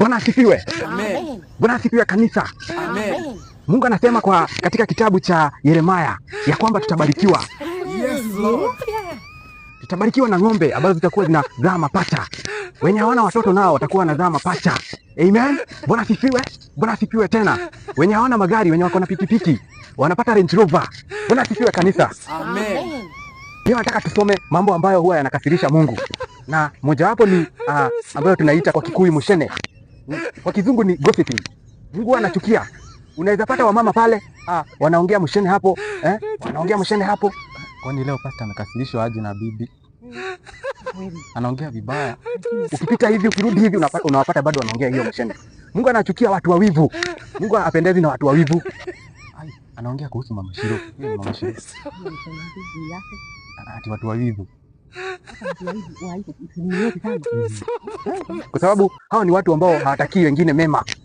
Bwana asifiwe. Amen. Bwana asifiwe kanisa. Amen. Mungu anasema kwa katika kitabu cha Yeremia ya kwamba tutabarikiwa. Yes, Lord. Tutabarikiwa na ng'ombe ambazo zitakuwa zinazaa mapacha. Wenye hawana watoto nao watakuwa wanazaa mapacha. Amen. Bwana asifiwe. Bwana asifiwe tena. Wenye hawana magari, wenye wako na pikipiki, wanapata Range Rover. Bwana asifiwe kanisa. Amen. Leo nataka tusome mambo ambayo huwa yanakasirisha Mungu. Na mojawapo ni uh, ambayo tunaita kwa Kikuyu mushene. Kwa kizungu ni gossiping. Mungu anachukia. Unaweza pata wamama pale, ah, wanaongea mshene hapo, eh? Wanaongea mshene hapo. Kwani leo pasta amekasirishwa aje na bibi? Anaongea vibaya. Ukipita hivi ukirudi hivi unapata unawapata bado wanaongea hiyo mshene. Mungu anachukia watu wawivu. Mungu anapendezi na watu wawivu. anaongea kuhusu mama Shiro. Mama Shiro. Ati watu wawivu kwa sababu hawa ni watu ambao hawatakii wengine mema.